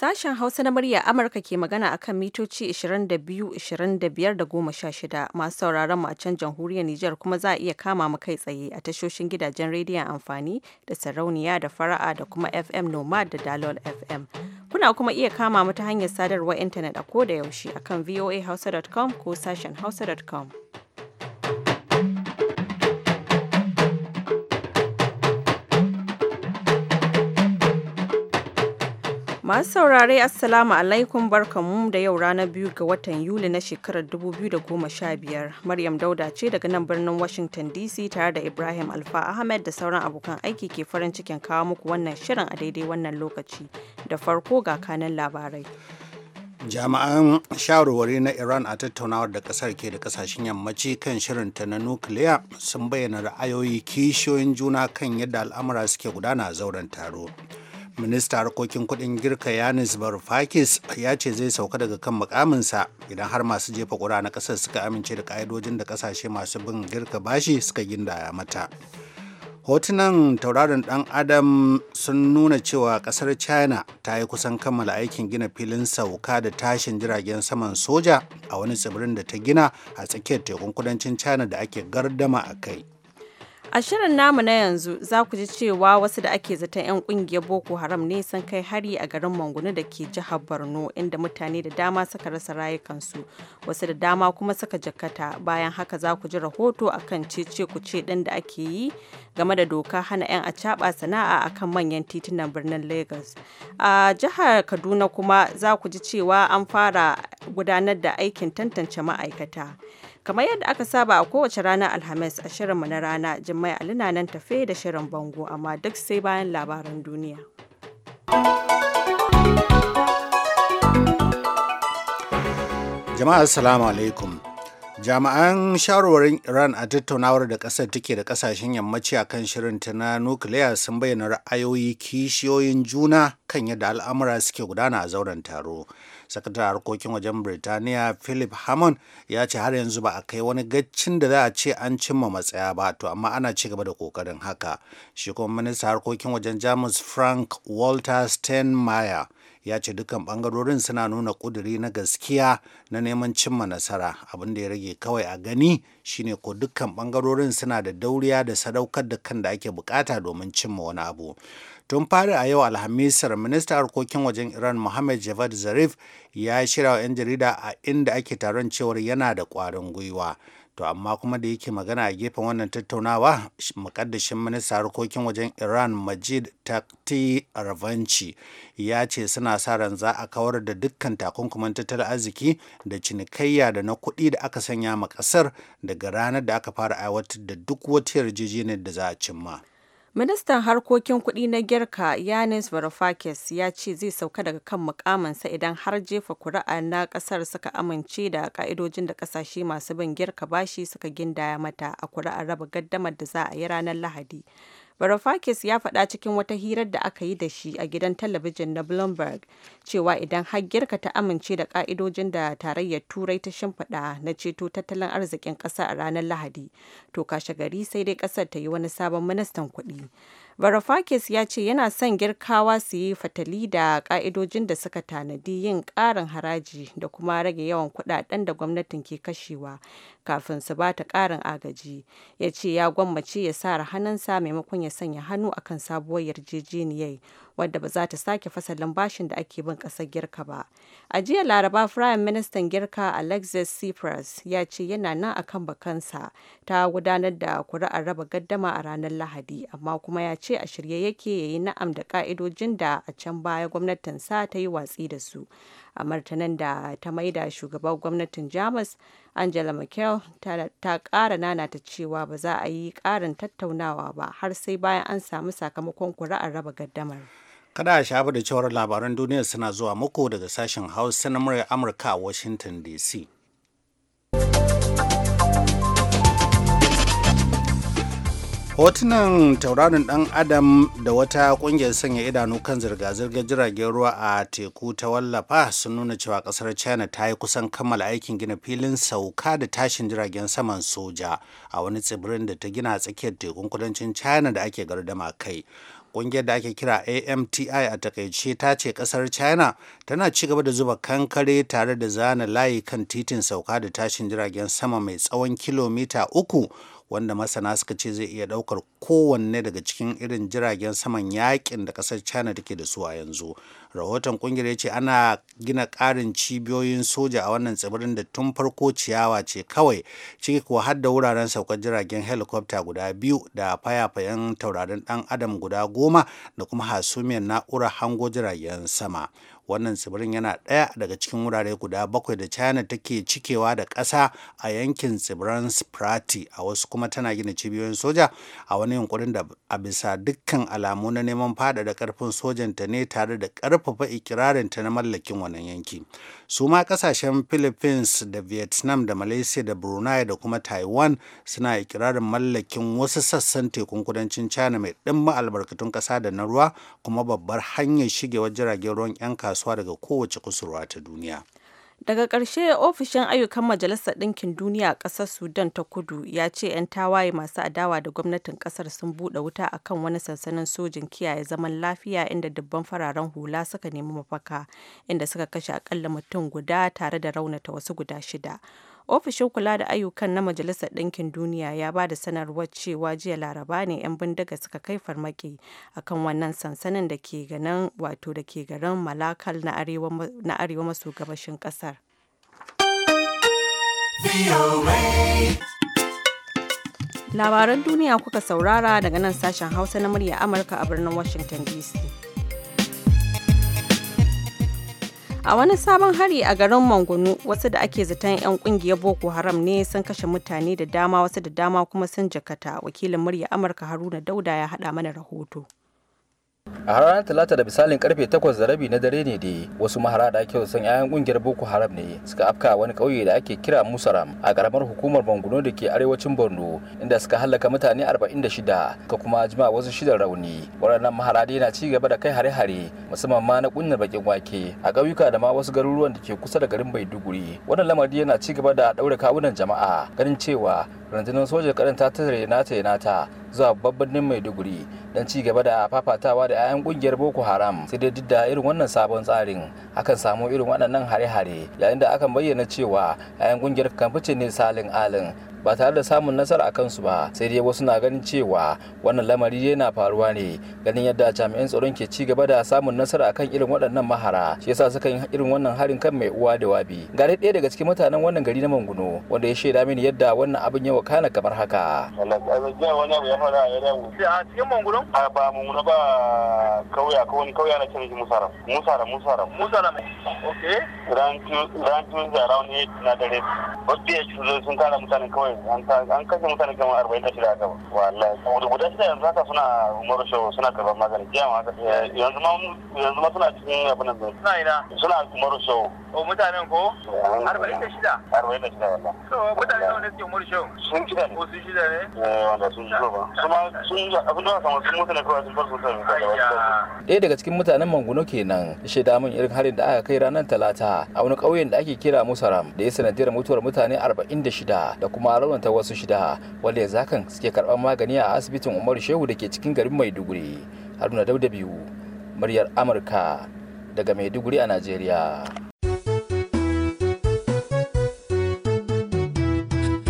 Sashen Hausa na murya Amurka ke magana akan mitoci 22, 25 da 16 masu sauraron mu a can jamhuriyar Nijar kuma za a iya kama mu kai tsaye a tashoshin gidajen rediyon amfani da sarauniya da fara'a da kuma FM Nomad da Dalol FM. Kuna kuma iya kama mu ta hanyar sadarwar intanet a koda yaushe akan voahausa.com ko sashen hausa.com. Masu saurare Assalamu alaikum barkamu da yau ranar biyu ga watan Yuli na shekarar 2015. Maryam Dauda ce daga nan birnin Washington DC tare da Ibrahim Alfa Ahmed da sauran abokan aiki ke farin cikin kawo muku wannan shirin a daidai wannan lokaci. Da farko ga kanan labarai. Jami'an shawarwari na Iran a tattaunawar da kasar ke da kasashen yammaci kan shirinta na nukiliya sun bayyana ra'ayoyi kishiyoyin juna kan yadda al'amura suke gudana a zauren taro. minista harkokin kudin girka yanis varoufakis ya ce zai sauka daga kan mukaminsa idan har masu jefa ƙura na ƙasar suka amince da ka'idojin da ƙasashe masu bin girka bashi suka gindaya mata hotunan tauraron dan adam sun nuna cewa ƙasar china ta yi kusan kammala aikin gina filin sauka da tashin jiragen saman soja a wani tsibirin da ta gina a tsakiyar tekun kudancin china da ake gardama a kai A shirin namu na yanzu za ku ji cewa wasu da ake zaton 'yan kungiyar Boko Haram ne sun kai hari a garin Mangunu da ke jihar Borno inda mutane da dama suka rasa rayukansu wasu da dama kuma suka jakata bayan haka za ku ji rahoto akan cece ce ɗin da ake yi game da doka hana 'yan acaɓa sana'a a kan manyan titunan birnin Lagos. A jihar Kaduna kuma za ku ji cewa an fara gudanar da aikin tantance ma'aikata. Kamar yadda aka saba a kowace ranar Alhamis a shirinmu na rana, jimai Ali na nan tafe da shirin bango amma duk sai bayan labaran duniya. Jama'a Assalamu alaikum. jami'an shawarwarin iran a tattaunawar da kasar take da kasashen yammaci a kan shirinta na nukiliya sun bayyana ra'ayoyi kishiyoyin juna kan yadda al'amura suke gudana a zauren taro sakataren harkokin wajen birtaniya philip hammond ya ce har yanzu ba a kai wani gaccin da za a ce an cimma matsaya ba to amma ana ci gaba da kokarin haka shi kuma minista harkokin wajen jamus frank walter steinmeier ya ce dukkan bangarorin suna nuna kuduri na gaskiya na neman cimma nasara abin da ya rage kawai a gani shine ko dukkan bangarorin suna da dauriya da sadaukar da kan da ake bukata domin cimma wani abu tun fari a yau alhamisar minista harkokin wajen iran mohammed javad zarif ya shirya wa 'yan jarida a inda ake taron cewar yana da kwarin gwiwa to amma kuma da yake magana a gefen wannan tattaunawa mukaddashin minista harkokin wajen iran majid takti ravanci ya ce suna sa ran za a kawar da dukkan takunkuman tattalin arziki da cinikayya da na kuɗi da aka sanya ma ƙasar daga ranar da aka fara aiwatar da duk wata yarjejeniyar da za a cimma. Ministan harkokin kuɗi na Girka Yanis Varoufakis ya ce zai sauka daga kan mukaminsa idan har jefa kuri'a na ƙasar suka amince da ƙa'idojin da ƙasashe masu bin Girka bashi suka gindaya mata a kuri'ar raba gaddamar da za a yi ranar Lahadi. Varoufakis ya faɗa cikin wata hirar da aka yi da shi a gidan talabijin na Bloomberg cewa idan har ta amince da ka'idojin da tarayyar Turai ta shimfiɗa na ceto tattalin arzikin ƙasa a ranar Lahadi, to kashe gari sai dai ƙasar ta yi wani sabon ministan kuɗi. Varoufakis ya ce yana son Girkawa su yi fatali da ka'idojin da suka tanadi yin ƙarin haraji da kuma rage yawan kuɗaɗen da gwamnatin ke kashewa kafin su bata ƙarin agaji. Ya ce ya gwammace ya sa hannunsa maimakon ya sanya hannu akan sabuwar yarjejeniyar wadda ba za ta sake fasalin bashin da ake bin ƙasar Girka ba. A jiya Laraba Firayim Ministan Girka Alexis Tsipras ya ce yana nan a kan bakansa ta gudanar da kuri'ar raba gaddama a ranar Lahadi amma kuma ya ce a shirye yake ya yi na'am da ka'idojin da a can baya gwamnatin sa ta yi watsi da su. A martanin da ta maida shugaban gwamnatin Jamus Angela Merkel ta ƙara ta cewa ba za a yi ƙarin tattaunawa ba har sai bayan an samu sakamakon kuri'ar raba gaddamar. Kada a shafa da cewar labaran duniya suna zuwa muku daga sashen Hausa na murya Amurka a Washington DC. Hotunan tauraron dan Adam da wata kungiyar sanya idanu kan zirga-zirgar jiragen ruwa a teku ta wallafa sun nuna cewa kasar China ta yi kusan kammala aikin gina filin sauka da tashin jiragen saman soja a wani tsibirin da ta gina tsakiyar tekun kudancin China da ake gardama kai. ƙungiyar da ake kira amti a takaice ta ce ƙasar china tana ci gaba da zuba kankare tare da zana layi kan titin sauka da tashin jiragen sama mai tsawon kilomita uku wanda masana suka ce zai iya ɗaukar kowanne daga cikin irin jiragen saman yakin da ƙasar china take da su a yanzu rahoton kungiyar ya ce ana gina ƙarin cibiyoyin soja a wannan tsibirin da tun farko ciyawa ce kawai ciki kuwa har da wuraren saukar jiragen helikwafta guda biyu da fayafayen taurarin dan adam guda goma da kuma hasumiyar na'urar hango jiragen sama wannan tsibirin yana ɗaya daga cikin wurare guda bakwai da china take cikewa da ƙasa a yankin tsibiran sprati a wasu kuma tana gina cibiyoyin soja a wani yunkurin da a bisa dukkan alamu na neman faɗaɗa ƙarfin sojanta ne tare da ƙarfafa ikirarinta na mallakin wannan yanki su ma ƙasashen philippines da vietnam da malaysia da brunei da kuma taiwan suna ikirarin mallakin wasu sassan tekun kudancin china mai ɗimma albarkatun ƙasa da na ruwa kuma babbar hanyar shigewar jiragen ruwan 'yan kasuwa kasuwa daga kowace kusurwa ta duniya. Daga ƙarshe ofishin ayyukan Majalisar Ɗinkin Duniya a ƙasar Sudan ta kudu ya ce 'yan tawaye masu adawa da gwamnatin ƙasar sun buɗe wuta a kan wani sansanin sojin kiyaye zaman lafiya inda dubban fararen hula suka nemi mafaka inda suka kashe akalla mutum guda tare da raunata wasu guda shida. ofishin kula da ayyukan na majalisar ɗinkin duniya ya ba da sanarwar cewa jiya laraba ne 'yan bindiga suka kai farmaki akan wannan sansanin da ke ganin wato da ke garin malakal na arewa maso gabashin ƙasar labaran duniya kuka saurara daga nan sashen hausa na murya amurka a birnin washington dc a wani sabon hari a garin mangunu wasu da ake zaton 'yan kungiyar boko haram ne sun kashe mutane da dama wasu da dama kuma sun jakata wakilin murya amurka haruna dauda ya hada mana rahoto a ranar talata da misalin karfe 8 da rabi na dare ne da wasu mahara da ake san yayan kungiyar boko haram ne suka afka wani kauye da ake kira musaram a karamar hukumar banguno da ke arewacin borno inda suka hallaka mutane 46 ka kuma jima wasu shidan rauni waɗannan mahara dai na ci gaba da kai hare-hare musamman ma na kunnar bakin wake a ƙauyuka da ma wasu garuruwan da ke kusa da garin maiduguri wannan lamari yana ci gaba da ɗaure kawunan jama'a ganin cewa rundunar sojan karin ta tare ta yana ta zuwa babban birnin maiduguri don ci gaba da fafatawa da 'ya'yan kungiyar boko haram sai dai duk da irin wannan sabon tsarin akan samu irin waɗannan hare-hare yayin da akan bayyana cewa 'ya'yan kungiyar kan fice ne salin alin ba tare da samun nasara a kansu ba sai dai wasu na ganin cewa wannan lamari yana faruwa ne ganin yadda jami'an tsaron ke ci gaba da samun nasara a kan irin waɗannan mahara shi yasa suka yi irin wannan harin kan mai uwa da wabi ga ɗaya daga cikin mutanen wannan gari na manguno wanda ya shaida mini yadda wannan abin ya wakana kamar haka a cikin manguno a ba manguno ba kauya ko wani na cire musara musara musara okay ran tun ran rauni na dare wadda ya sun kara mutanen kawai an kashe mutane kamar arba'in da shida gaba wallahi saboda guda shida yanzu haka suna umaru shau suna karban magani jiya ma haka eh, yanzu ma yanzu ma suna cikin abin da suna ina suna umaru shau o oh, mutanen ko eh, arba'in da shida arba'in da shida wallahi so mutane nawa ne suke umaru shau sun shida ne ko oh, sun shida ne eh wanda sun shida ba su ma sun abin da samu sun mutane kawai sun farko sun su ba ɗaya daga cikin mutanen manguno kenan shi da min irin harin da aka kai ranar talata a wani ƙauyen da ake kira musaram da ya sanadiyar mutuwar mutane arba'in da shida da kuma kuma ta wasu shida wanda yanzu hakan suke karɓar magani a asibitin umaru shehu da ke cikin garin maiduguri haruna dauda biyu muryar amurka daga maiduguri a najeriya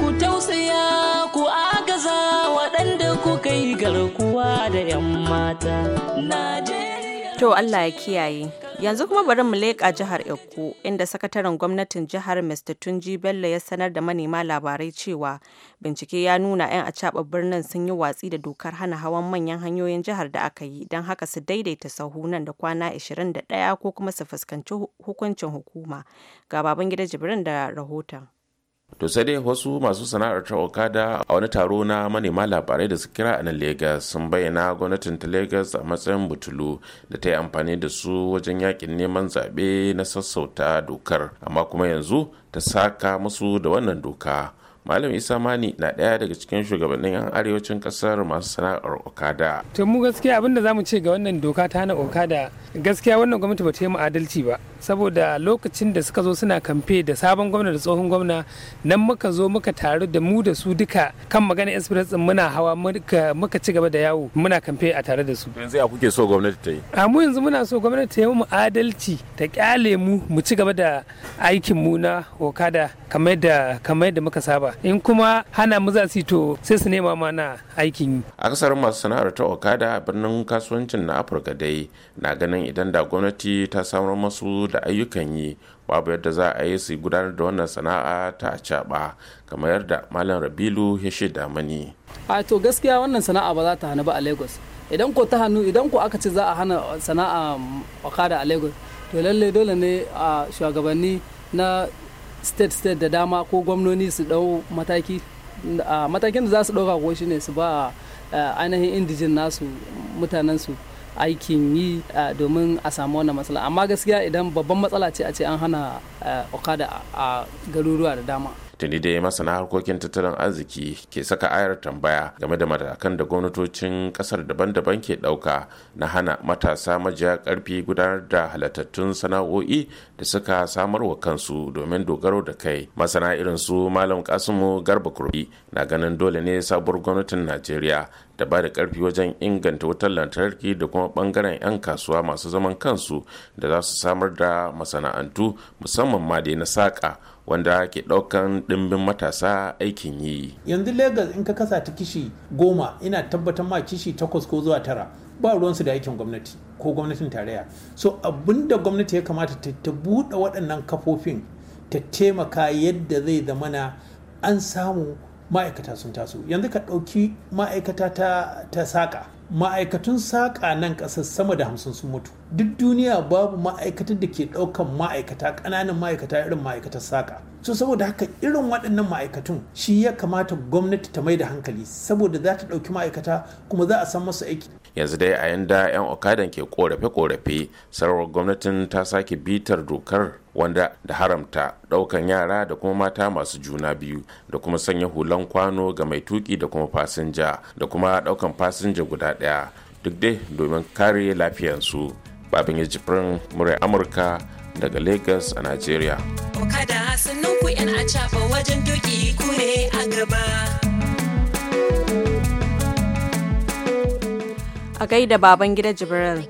ku tausaya ku agaza waɗanda kuka yi garkuwa da 'yan mata To Allah ya kiyaye. Yanzu kuma bari mu leƙa jihar Eko inda sakataren gwamnatin jihar Mr. Tunji Bello ya sanar da manema labarai cewa bincike ya nuna 'yan caɓa birnin sun yi watsi da dokar hana hawan manyan hanyoyin jihar da aka yi don haka su daidaita sahu nan da kwana 21 ko kuma su fuskanci hukuncin hukuma. Ga baban gida Jibrin da rahoton. to sai dai wasu masu sana'ar ta okada a wani taro na manema labarai da su kira a nan lagos sun bayyana gwamnatin ta lagos a matsayin butulu da ta yi amfani da su wajen yakin neman zaɓe na sassauta dokar amma kuma yanzu ta saka musu da wannan doka malam isa mani na ɗaya daga cikin shugabannin yan arewacin kasar masu sana'ar okada to mu gaskiya abinda zamu ce ga wannan doka ta hana okada gaskiya wannan gwamnati ba ta yi mu adalci ba saboda lokacin da suka zo suna kamfe da sabon gwamna da tsohon gwamna nan muka zo muka taru da mu da su duka kan magana express din muna hawa muka ci gaba da yawo muna kamfe a tare da su yanzu ya kuke so gwamnati ta yi a mu yanzu muna so gwamnati ta yi mu adalci ta kyale mu mu ci gaba da aikin mu na okada kamar da kamar da muka saba in kuma hana mu za su to sai su nema mana aikin yi A kasar masu sana'ar ta okada birnin kasuwancin na afirka dai na ganin idan da gwamnati ta samar masu da ayyukan yi babu yadda za a yi su gudanar da wannan sana'a ta caɓa kamar yadda malam rabilu ya shaida mani a to gaskiya wannan sana'a ba za ta hana ba a lagos idan ko ta hannu idan ko aka ce za a hana sana'a da a lagos to lalle dole ne a shugabanni na state state da dama ko gwamnoni su dau mataki matakin da za su ɗauka ko ne su ba ainihin indijin nasu mutanensu aikin yi eh, domin a samu wannan matsala amma gaskiya idan babban matsala ce a ce an hana eh, okada a garuruwa da dama tuni dai masana harkokin tattalin arziki ke saka ayar tambaya game da matakan da gwamnatocin kasar daban-daban ke ɗauka na hana matasa majiya karfi gudanar da halattattun sana'o'i da suka samar wa kansu domin dogaro da kai masana irin su malam kasimu garba kurbi na ganin dole ne sabuwar gwamnatin najeriya da ba da karfi wajen inganta wutar lantarki da kuma bangaren 'yan kasuwa masu zaman kansu da za su samar da masana'antu musamman ma dai na saƙa wanda ke ɗaukan ɗimbin matasa aikin yi yanzu legas in ka kasa ta kishi goma ina tabbatar ma kishi takwas ko zuwa tara ba ruwansu da aikin gwamnati ko gwamnatin tarayya so abinda gwamnati ya kamata ta buɗe waɗannan kafofin ta taimaka yadda zai zama na an samu ma'aikata sun taso yanzu ka ɗauki ma'aikata ta saƙa ma'aikatun saƙa nan ƙasar sama da hamsin sun mutu duk duniya babu ma'aikatar da ke ɗaukan ma'aikata ƙananan ma'aikata irin ma'aikatar saƙa so saboda haka irin waɗannan ma'aikatun shi ya kamata gwamnati ta mai da hankali saboda za ta ɗauki ma'aikata kuma za a san masu aiki yanzu dai a yanda 'yan okadan ke korafe-korafe sarwar gwamnatin ta sake bitar dokar wanda da haramta ɗaukan yara da kuma mata masu juna biyu da kuma sanya hulan kwano ga mai tuki da kuma fasinja da kuma ɗaukan fasinja guda ɗaya duk dai domin kare su babin ya jifirin murai amurka daga Lagos a Najeriya. Okada sannan ku 'yan a wajen doki ku ne a gaba. a gaida baban gida jibril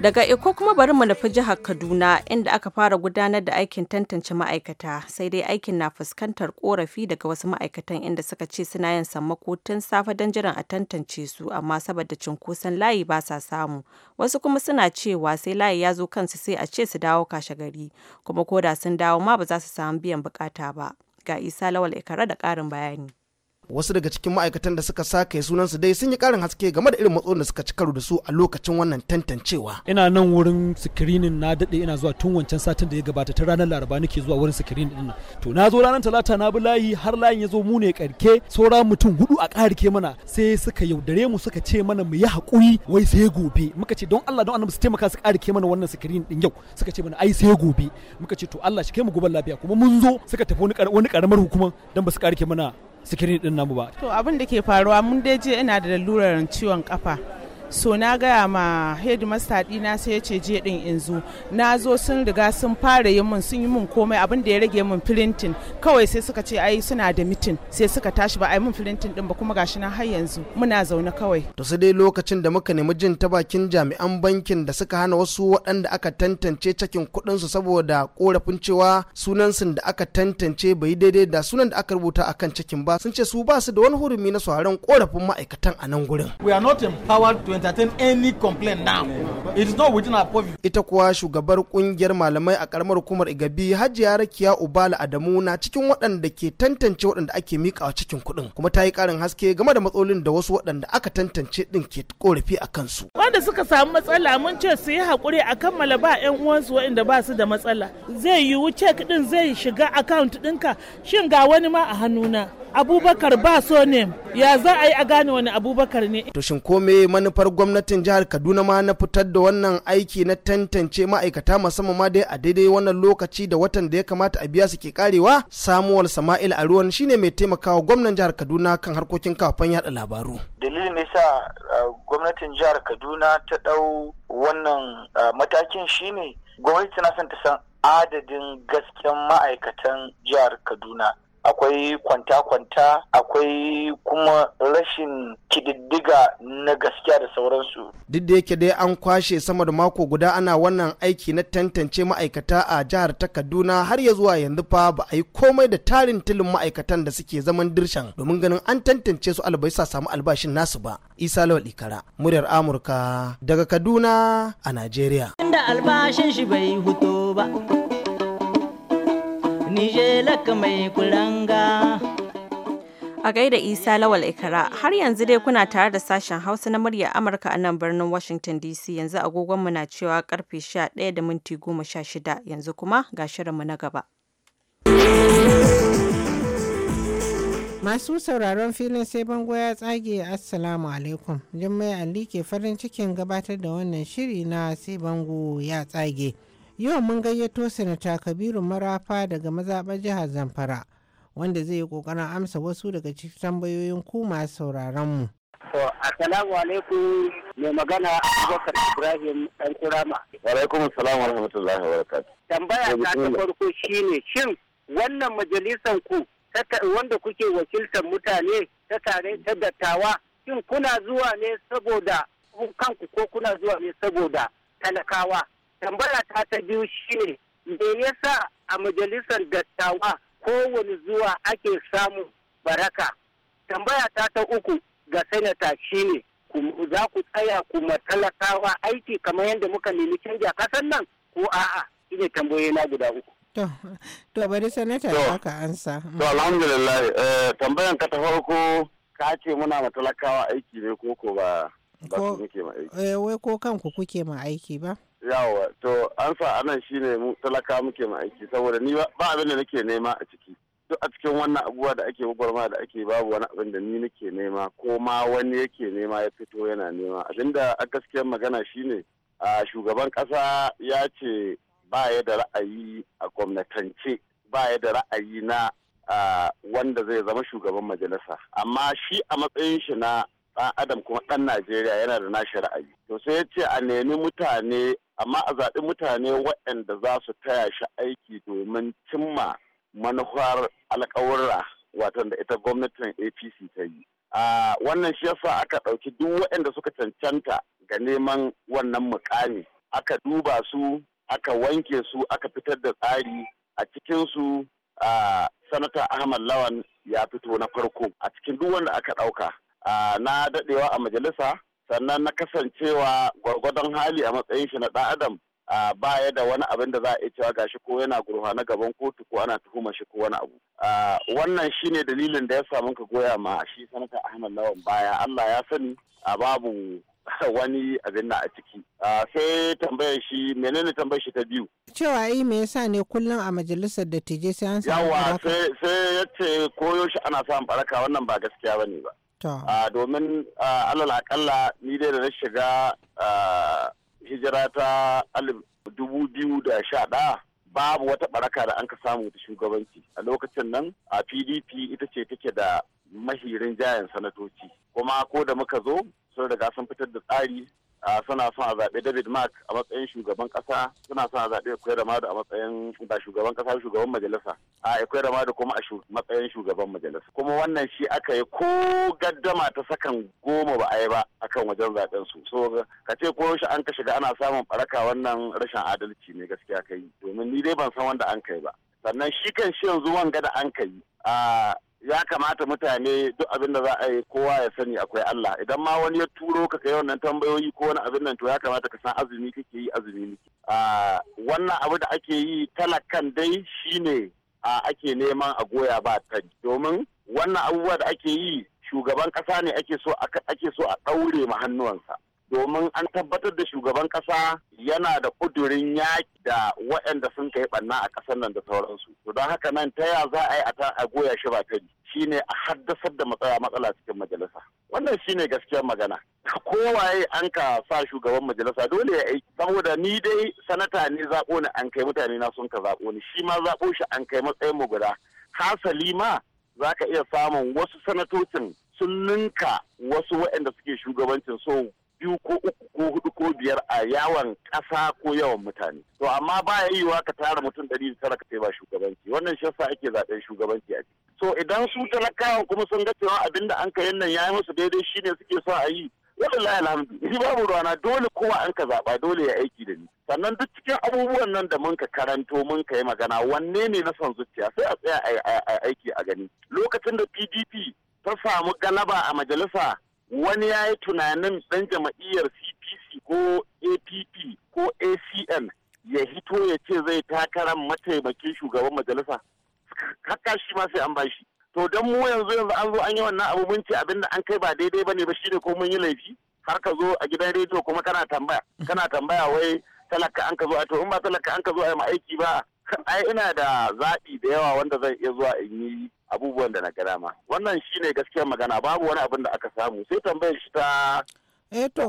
Daga Eko kuma bari mu nufi jihar Kaduna inda aka fara gudanar da aikin tantance ma'aikata sai dai aikin na fuskantar korafi daga wasu ma'aikatan inda suka ce suna yin sammako tun safe don jiran a tantance su amma saboda cunkoson layi ba sa samu. Wasu kuma suna cewa sai layi ya zo kansu sai a ce su dawo kashe gari kuma ko da sun dawo ma ba za su samu biyan bukata ba. Ga Isa Lawal Ikara da ƙarin bayani. wasu daga cikin ma'aikatan da suka sake su dai sun yi karin haske game da irin matsalolin da suka ci karo da su a lokacin wannan tantancewa ina nan wurin sikirinin na dade ina zuwa tun wancan satin da ya gabata ta ranar laraba nake zuwa wurin sikirinin din to na zo ranar talata na bi layi har layin ya zo mu ne karke saura mutum hudu a karke mana sai suka yaudare mu suka ce mana mu yi hakuri wai sai gobe muka ce don Allah don annabi su taimaka su karke mana wannan sikirin din yau suka ce mana ai sai gobe muka ce to Allah shi kai mu gobe lafiya kuma mun zo suka tafi wani karamar hukuma dan ba su karke mana sikirin din namu ba to abin da ke faruwa mun dai je ina da lalurar ciwon kafa so na gaya ma headmaster dina sai ya ce je din in zo na zo sun riga sun fara yi mun sun yi mun komai abin da ya rage mun printing kawai sai suka ce ai suna da meeting sai suka tashi ba ai mun printing din ba kuma gashi na har yanzu muna zaune kawai to sai dai lokacin da muka nemi jin ta bakin jami'an bankin da suka hana wasu waɗanda aka tantance cakin kuɗin su saboda korafin cewa sunan sun da aka tantance bai daidai da sunan da aka rubuta akan cakin ba sun ce su ba su da wani hurumi na sauraron korafin ma'aikatan a nan gurin we are not empowered to entertain any complaint now. It is not within our purview. Ita kuwa shugabar kungiyar malamai a karamar hukumar Igabi Hajiya Rakiya Ubala Adamu na cikin waɗanda ke tantance waɗanda ake mika cikin kuɗin kuma ta yi ƙarin haske game da matsalolin da wasu waɗanda aka tantance ɗin ke korafi a kansu. Wanda suka samu matsala mun ce su yi hakuri a kammala ba 'yan uwansu waɗanda ba su da matsala. Zai yiwu cek ɗin zai shiga akaunt ɗinka shin ga wani ma a hannuna. abubakar ba so ne ya za a yi a gane wani abubakar ne to shin kome manufar gwamnatin jihar kaduna ma na fitar da wannan aiki na tantance ma'aikata musamman ma dai a daidai wannan lokaci da watan da ya kamata a biya su ke karewa Samuwar sama'il aruwan shine mai taimakawa gwamnan jihar kaduna kan harkokin kafan yada labaru dalilin yasa gwamnatin jihar kaduna ta dau wannan matakin shine gwamnati tana son ta san adadin gasken ma'aikatan jihar kaduna akwai kwanta-kwanta akwai kuma rashin kididdiga na gaskiya da sauransu duk da yake dai an kwashe sama da mako guda ana wannan aiki na tantance ma'aikata a jihar ta kaduna har ya zuwa yanzu fa ba a yi komai da tarin tilin ma'aikatan da suke zaman dirshan domin ganin an tantance su albaisa samu albashin nasu ba isa lawal ikara muryar amurka daga kaduna a najeriya inda albashin shi bai huto ba nijelaka mai kuranga. A gaida Isa Lawal Ikara, har yanzu dai kuna tare da sashen Hausa na murya Amurka a nan birnin Washington DC yanzu agogonmu na cewa karfe 11 da minti 16 yanzu kuma ga shirinmu na gaba. Masu sauraron filin sai bango ya tsage Assalamu alaikum. Jummai Ali ke farin cikin gabatar da wannan shiri na sai bango ya tsage. Yau mun gayyato Sanata Kabiru Marafa daga mazaɓar jihar Zamfara wanda zai yi ƙoƙarin amsa wasu daga cikin tambayoyin ku masu sauraron mu. assalamu alaikum mai magana Abubakar Ibrahim ɗan Kurama. Wa alaikum assalam wa rahmatullahi wa barakatuh. Tambaya ta ta farko shine shin wannan majalisan ku wanda kuke wakiltar mutane ta tare ta dattawa shin kuna zuwa ne saboda kanku ko kuna zuwa ne saboda talakawa tambaya ta ta biyu shine me yasa a majalisar dattawa kowane zuwa ake samu baraka tambaya ta ta uku ga sanata shine za ku tsaya ku matalakawa aiki kamar yadda muka nemi canji a kasar nan ko a'a ina tambayoyi na guda uku to bari sanata da aka ansa to alhamdulillah eh, tambayan ka ta farko ka ce muna matalakawa aiki ne ko ko ba ba ku muke ma aiki eh, wai ko kanku kuke ma aiki ba yawa to an sa anan shine mu talaka muke ma aiki saboda ni ba abin da nake nema a ciki duk a cikin wannan abubuwa da ake gwagwarma da ake babu wani abin da ni nake nema ko ma wani yake nema ya fito yana nema abinda a gaskiyar magana shine a shugaban kasa ya ce ba ya da ra'ayi a gwamnatance ba ya da ra'ayi na wanda zai zama shugaban majalisa amma shi a matsayin shi na ɗan adam kuma ɗan najeriya yana da nashi ra'ayi to sai ya ce a nemi mutane amma a zaɓi mutane waɗanda za su taya shi aiki domin cimma manufar alƙawarra wato da ita gwamnatin apc ta yi a wannan shi yasa aka ɗauki duk waɗanda suka cancanta ga neman wannan mukami aka duba su aka wanke su aka fitar da tsari a cikinsu a sanata ahmad lawan ya fito na farko a cikin duk wanda aka ɗauka na daɗewa a majalisa sannan na kasancewa gwargwadon hali a matsayin shi na ɗan adam a baya da wani abin da za a iya cewa ga shi ko yana gurfa na gaban kotu ko ana tuhuma shi ko wani abu wannan shine dalilin da ya samu ka goya ma shi sanata ahmad lawan baya allah ya sani a babu wani abin na a ciki sai tambayar shi menene tambayar shi ta biyu cewa yi me yasa ne kullum a majalisar da tije sai an samu yawa sai ya ce koyo shi ana samun baraka wannan ba gaskiya ne ba domin alal akalla ni dai da na shiga hijira ta alif da sha ɗaya babu wata baraka da an ka samu da shugabanci a lokacin nan a pdp ita ce take da mahirin jayan sanatoci kuma ko da muka zo sun riga sun fitar da tsari suna son a zaɓe David Mark a matsayin shugaban ƙasa suna son a zaɓe Ekwai Ramadu a matsayin ba shugaban ƙasa shugaban majalisa a Ekwai Ramadu kuma a matsayin shugaban majalisa kuma wannan shi aka yi ko gaddama ta sakan goma ba a yi ba akan wajen zaɓen su so ka ce ko yaushe an ka shiga ana samun baraka wannan rashin adalci ne gaskiya ka yi domin ni dai ban san wanda an kai ba sannan shi kan shi yanzu wanga da an kai a ya kamata mutane duk abin da za a yi kowa ya sani akwai Allah idan ma wani ya turo ka kai wannan tambayoyi ko wani abin nan to ya kamata ka san azumi kake yi azumi a wannan abu da ake yi talakan dai shine ake neman a goya ba ta domin wannan abubuwa da ake yi shugaban kasa ne ake so ake so a ɗaure ma hannuwansa domin an tabbatar da shugaban kasa yana da kudurin yaki da waɗanda sun kai banna a ƙasar nan da sauransu to don haka nan ta ya za a yi a goya shi ba kari shine a haddasar da matsaya matsala cikin majalisa wannan shine gaskiyar magana kowaye an ka sa shugaban majalisa dole ya aiki saboda ni dai sanata ne zaɓo ni an kai mutane na sun ka zaɓo ni shi ma zaɓo shi an kai matsayin mu guda hasali ma za ka iya samun wasu sanatocin sun ninka wasu waɗanda suke shugabancin so biyu ko uku ko hudu ko biyar a yawon ƙasa ko yawan mutane to amma ba ya yi wa ka tara mutum ɗari da tara ka ba shugabanci wannan shi yasa ake zaɓen shugabanci a ciki so idan su talakawan kuma sun ga cewa abin da an ka nan ya yi musu daidai shi ne suke so a yi wallahi alhamdu ni babu ruwana dole kowa an ka zaɓa dole ya aiki da ni sannan duk cikin abubuwan nan da mun ka karanto mun ka yi magana wanne ne na son zuciya sai a tsaya a aiki a gani lokacin da pdp ta samu galaba a majalisa wani ya yi tunanin ɗan jama'iyyar cpc ko app ko acn ya hito ya ce zai takarar mataimakin shugaban majalisa haka shi ma sai an bashi to don mu yanzu yanzu an zo an yi wannan abu mun ce abin an kai ba daidai ba ne ba shi ne ko mun yi laifi har ka zo a gidan rediyo kuma kana tambaya kana tambaya wai talaka an ka zo a to in ba talaka an ka zo a yi aiki ba ai ina da zaɓi da yawa wanda zan iya zuwa in yi abubuwan da na ga ma. wannan shine gaskiyar magana babu wani abin da aka samu sai tambayar shi ta eh to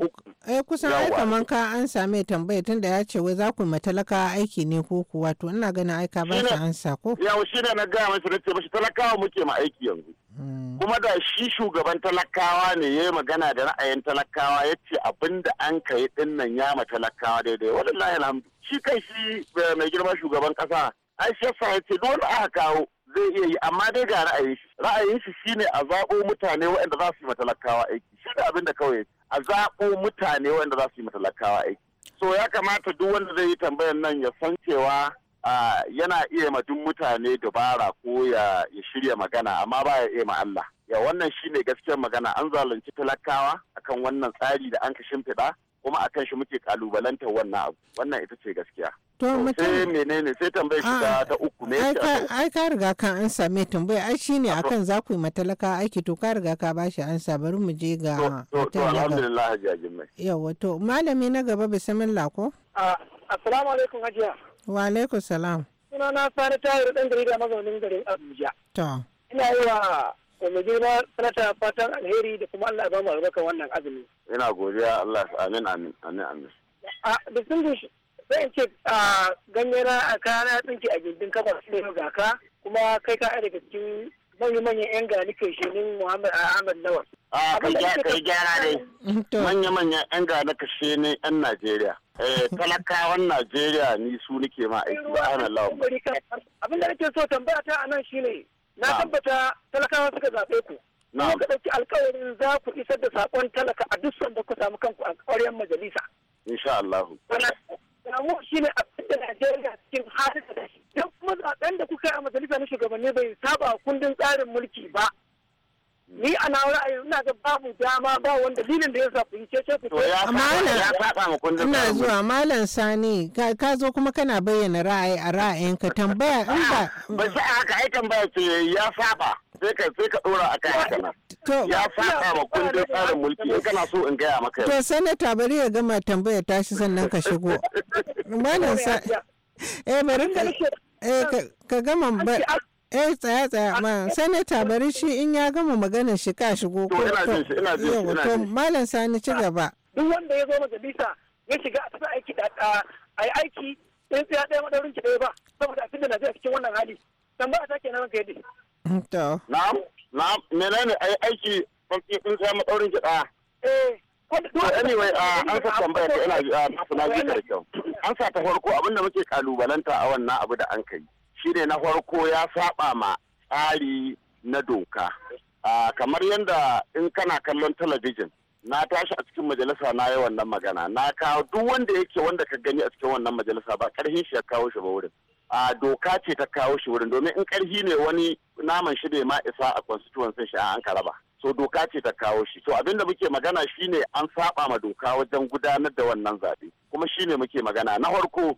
eh kusan ai kaman ka an same tambaya da ya ce wai za ku ma aiki ne ko kuwa to ina ganin aika ba sa ansa ko yawo shi ne na ga masa ce ba shi talakawa muke ma aiki yanzu hmm. kuma da shi shugaban talakawa ne yayi magana da ra'ayin talakawa yace abinda an kai din nan ya ma talakawa daidai wallahi alhamdu shi kai shi eh, mai girma shugaban kasa An shi yasa yace dole aka kawo zai iya yi amma dai ga ra'ayin shi ra'ayin shi shine a zabo mutane waɗanda za su yi matalakawa aiki shi da abin da kawai a zaɓo mutane wanda za su yi matalakawa aiki so ya kamata duk wanda zai yi tambayar nan ya san cewa yana iya ma duk mutane dabara ko ya shirya magana amma ba ya iya ma Allah ya wannan shine gaskiyar magana an zalunci talakawa akan wannan tsari da an ka shimfiɗa kuma akan shi muke kalubalantar wannan abu wannan ita ce gaskiya to sai menene sai tambayar shi ta uku ne ai ka riga kan an me tambaya ai shine akan za ku yi matalaka aiki to ka riga ka bashi ansa bari mu je ga to alhamdulillah hajiya jimmai yawa to malami na gaba bismillah ko assalamu alaikum hajiya wa alaikum salam sunana fara tayar dan jarida mazaunin garin abuja to ina yi wa to mu girma sanata fatan alheri da kuma Allah ya ba mu albarka wannan azumi ina godiya Allah amin amin amin amin a distinguish sai in ce a ganye na a kana tsinki a gindin kafa sai ga ka kuma kai ka daga cikin manya-manyan 'yan gani kashenin Muhammad Ahmad Lawal. A kai gyara dai. Manya-manyan 'yan gani shi ne 'yan Najeriya. Eh, talakawan Najeriya ni su nake ma aiki ba Ahmad Lawal. Abin da nake so tambaya ta a nan shine na tabbata talakawa suka zaɓe ku kuma ka ɗauki alkawarin za ku isar da saƙon talaka a duk sanda ku samu kanku a ƙwaryen majalisa insha Allah mu shi ne a da Najeriya cikin halin da shi dan kuma zaɓen da kuka yi a majalisa na shugabanni bai saba kundin tsarin mulki ba ni a na ra'ayi ina ga babu dama ba wanda dalilin da ya sa kun cece ku to ya saba ma ina zuwa malam sani ka zo kuma kana bayyana ra'ayi a ra'ayinka tambaya in ba ah, ba sai haka ai tambaya ce ya saba sai ka sai ka dora akan haka nan ya saba ma kundin tsarin mulki in kana so in gaya maka to sanata bari ya gama tambaya tashi sannan ka shigo malam sani eh bari eh, ka gama ba eh tsaya tsaya ah, ma eh, sanata eh, bari shi in ya gama magana shi ka shigo ko ina jin shi ina jin shi malam sani ci ah, gaba duk wanda ya zo majalisa ya shiga a tsaya aiki da ai aiki in tsaya ɗaya madaurin ki ɗaya ba saboda a cikin Najeriya cikin wannan hali dan ba a take nan kai dai mm, to na'am na'am menene ai aiki in tsaya madaurin ki ɗaya eh anyway ah, an sa tambaya ina na fi na ji da kyau an sa ta farko abinda muke kalubalanta a wannan abu da an kai shine na farko ya saba ma tsari na doka kamar yadda in kana kallon talabijin na tashi a cikin majalisa na yi wannan magana na kawo duk wanda yake wanda ka gani a cikin wannan majalisa ba karhin shi ya kawo shi ba wurin a doka ce ta kawo shi wurin domin in karhi ne wani naman shi bai ma isa a constituency shi an ba so doka ce ta kawo shi so abinda muke magana shine an saba ma doka wajen gudanar da wannan zaɓe kuma shine muke magana na farko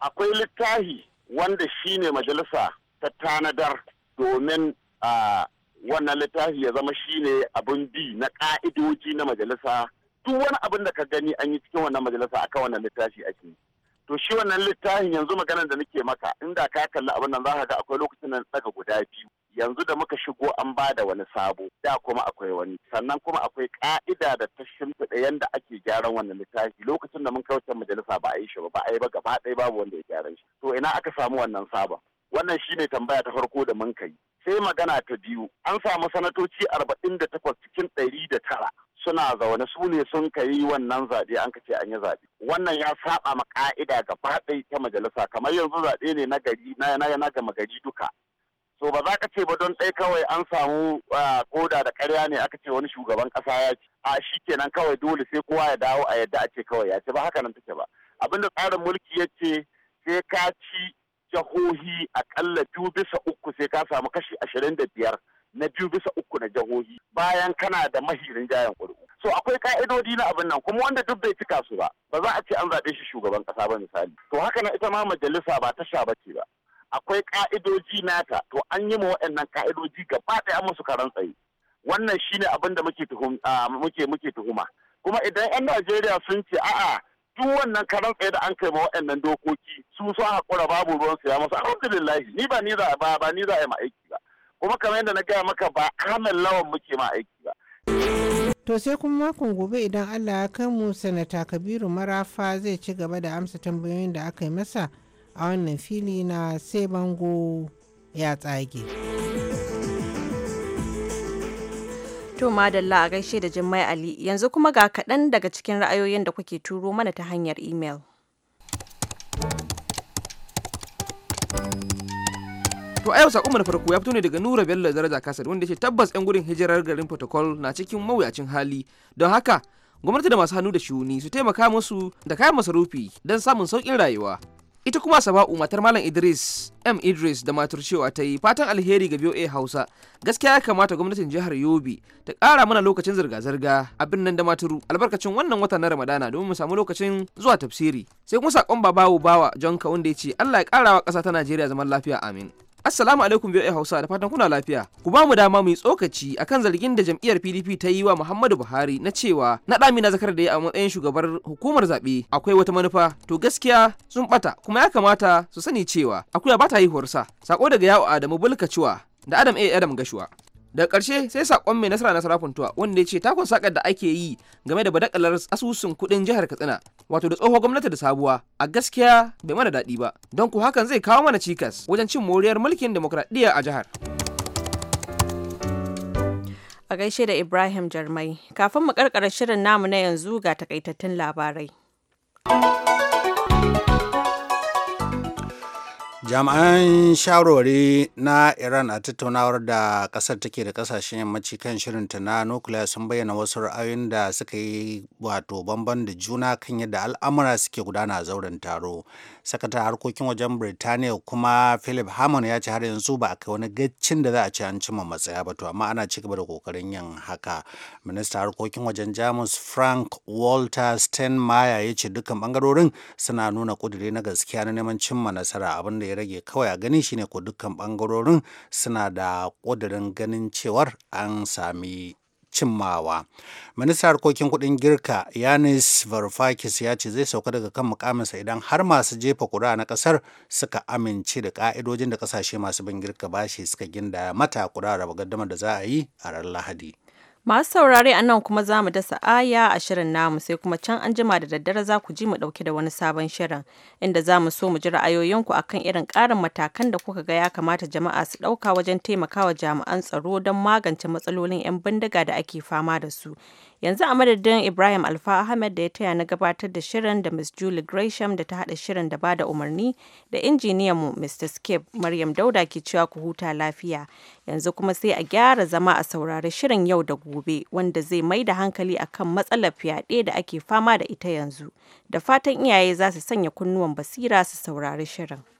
akwai littafi wanda shine majalisa ta tanadar domin a wannan littafi ya zama shi ne abin bi na ka'idoji na majalisa duk wani abin da ka gani an yi cikin wannan majalisa akan wannan littafi ake yi to shi wannan littafin yanzu maganar da nake maka inda ka kalli abin nan za ka ga akwai lokacin da daga guda biyu yanzu da muka shigo an ba da wani sabo da kuma akwai wani sannan kuma akwai ka'ida da ta shimfiɗa yanda ake gyaran wannan littafi lokacin da mun kai majalisa ba a yi shi ba a yi ba gaba ɗaya babu wanda ya gyara shi to ina aka samu wannan sabon wannan shine tambaya ta farko da mun kai sai magana ta biyu an samu sanatoci arba'in da takwas cikin ɗari da tara suna zaune su ne sun kai wannan zaɓe an kace an yi zaɓe wannan ya saba ma ka'ida gaba ɗaya ta majalisa kamar yanzu zaɓe ne na gari na na gama gari duka so ba za ka ce ba don ɗai kawai an samu koda da karya ne aka ce wani shugaban ƙasa ya ci a shi kenan kawai dole sai kowa ya dawo a yadda a ce kawai ya ce ba haka nan take ba abinda tsarin mulki ya ce sai ka ci jahohi akalla biyu bisa uku sai ka samu kashi ashirin da biyar na biyu bisa uku na jahohi bayan kana da mahirin jayan kudu so akwai ka'idodi na abin nan kuma wanda duk bai cika su ba ba za a ce an zaɓe shi shugaban ƙasa ba misali to haka nan ita ma majalisa ba tasha ba ce ba akwai ka'idoji nata to an yi ma waɗannan ka'idoji gaba ɗaya masu karan tsaye wannan shine abin da muke muke muke tuhuma kuma idan 'yan Najeriya sun ce a'a duk wannan karan tsaye da an kai ma waɗannan dokoki su sun haƙura babu ruwan su ya musu alhamdulillahi ni ba ni za ba ba ni za a yi ma aiki ba kuma kamar yadda na gaya maka ba kamar lawan muke ma aiki ba. To sai kuma makon gobe idan Allah ya kai mu sanata Kabiru Marafa zai ci gaba da amsa tambayoyin da aka yi masa a wannan fili na sai bango ya tsage. To madalla a gaishe da jimmai Ali yanzu kuma ga kaɗan daga cikin ra'ayoyin da kuke turo mana ta hanyar imel. To a yau sakon na farko ya fito ne daga Nura Bello Daraja Kasar wanda ce tabbas 'yan gudun hijirar garin protocol na cikin mawuyacin hali don haka gwamnati da masu hannu da shuni su taimaka musu da kayan masarufi don samun saukin rayuwa. ita kuma saba'u matar malam idris m idris da matar cewa ta yi fatan alheri ga voa hausa gaskiya ya kamata gwamnatin jihar yobe ta ƙara mana lokacin zirga-zirga abin nan da maturu albarkacin wannan wata na ramadana domin mu samu lokacin zuwa tafsiri sai kuma saƙon babawo bawa john kawun da ya ce allah ya ƙara wa ƙasa ta najeriya zaman lafiya amin Assalamu alaikum bai Hausa da fatan kuna lafiya. Ku ba mu dama mu yi tsokaci akan zargin da jam'iyyar PDP ta yi wa Muhammadu Buhari na cewa na ɗami na zakar da ya a matsayin shugabar hukumar zaɓe akwai wata manufa to gaskiya sun ɓata kuma ya kamata su sani cewa akuya ba ta yi sa. Sako daga yawo Adamu Bulkaciwa da Adam A. Adam Gashuwa. da ƙarshe sai sakon mai nasara nasara funtuwa wanda ya ce takon sakar da ake yi game da badakalar asusun kuɗin jihar katsina wato da tsohon gwamnati da sabuwa a gaskiya bai mana daɗi ba don ku hakan zai kawo mana cikas wajen cin moriyar mulkin demokradiyya a jihar a gaishe da ibrahim jarmai kafin mu karkara shirin namu na yanzu ga takaitattun labarai jami'an shawarwari na iran a tattaunawar da kasar take da kasashen yammaci kan shirinta na nukiliya sun bayyana wasu ra'ayoyin da suka yi wato bamban da juna kan yadda al'amura suke gudana a zauren taro sakatar harkokin wajen Birtaniya kuma Philip Hammond ya ce har yanzu ba a kai wani gaccin da za a ce an cimma matsaya ba to amma ana ci gaba da kokarin yin haka. minista harkokin wajen Jamus Frank Walter Steinmeier ya ce dukkan bangarorin suna nuna kudure na gaskiya na neman cimma nasara abin da ya rage kawai a gani shine ko dukkan bangarorin suna da kudirin ganin cewar an sami cimmawa. Ministan harkokin kuɗin Girka Yanis Varoufakis ya ce zai sauka daga kan mukaminsa idan har masu jefa kura na ƙasar suka amince da ƙa'idojin da ƙasashe masu bin Girka bashi suka gindaya mata kura raba gaddamar da za a yi a ran Lahadi. Masu saurare a nan kuma za mu dasa aya a shirin namu sai kuma can an jima da daddare za ku ji mu ɗauke da wani sabon shirin inda za mu so mu ji ra'ayoyinku a kan irin ƙarin matakan da kuka ga ya kamata jama'a su ɗauka wajen taimakawa jami'an tsaro don magance matsalolin 'yan bindiga da ake fama da su Yanzu a madadin Ibrahim Alfa Ahmed da ya taya na gabatar da shirin da Miss Julie Gresham da ta hada shirin da bada umarni da injiniyan mu Mr. Skip Maryam Dauda ke cewa ku huta lafiya. Yanzu kuma sai a gyara zama a saurari shirin yau da gobe wanda zai mai da hankali kan matsalar fyaɗe da ake fama da ita yanzu. Da fatan iyaye za su sanya kunnuwan basira su saurari shirin.